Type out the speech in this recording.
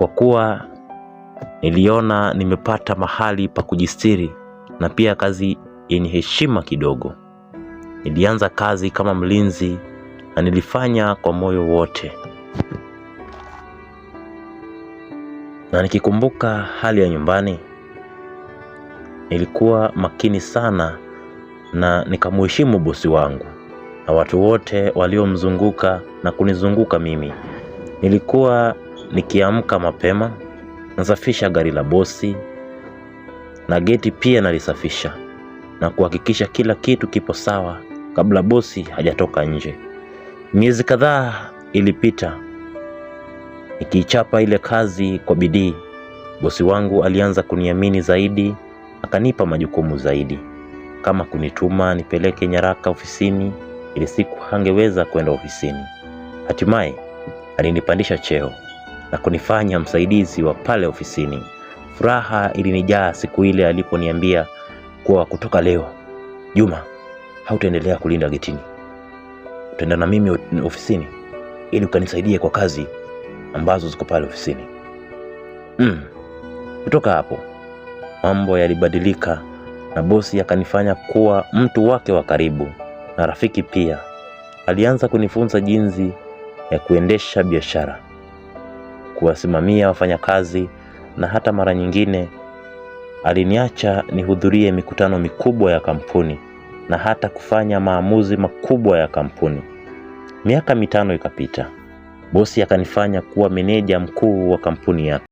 kwa kuwa niliona nimepata mahali pa kujistiri na pia kazi yenye heshima kidogo. Nilianza kazi kama mlinzi na nilifanya kwa moyo wote, na nikikumbuka hali ya nyumbani, nilikuwa makini sana na nikamheshimu bosi wangu na watu wote waliomzunguka na kunizunguka mimi. Nilikuwa Nikiamka mapema nasafisha gari la bosi na geti pia nalisafisha na kuhakikisha kila kitu kipo sawa kabla bosi hajatoka nje. Miezi kadhaa ilipita nikiichapa ile kazi kwa bidii. Bosi wangu alianza kuniamini zaidi, akanipa majukumu zaidi, kama kunituma nipeleke nyaraka ofisini. ili siku hangeweza kwenda ofisini. Hatimaye alinipandisha cheo na kunifanya msaidizi wa pale ofisini. Furaha ilinijaa siku ile aliponiambia kuwa kutoka leo, Juma, hautaendelea kulinda getini, utaenda na mimi ofisini ili ukanisaidie kwa kazi ambazo ziko pale ofisini. Mm. Kutoka hapo mambo yalibadilika na bosi akanifanya kuwa mtu wake wa karibu na rafiki pia. Alianza kunifunza jinsi ya kuendesha biashara kuwasimamia wafanyakazi na hata mara nyingine aliniacha nihudhurie mikutano mikubwa ya kampuni na hata kufanya maamuzi makubwa ya kampuni. Miaka mitano ikapita, bosi akanifanya kuwa meneja mkuu wa kampuni yake.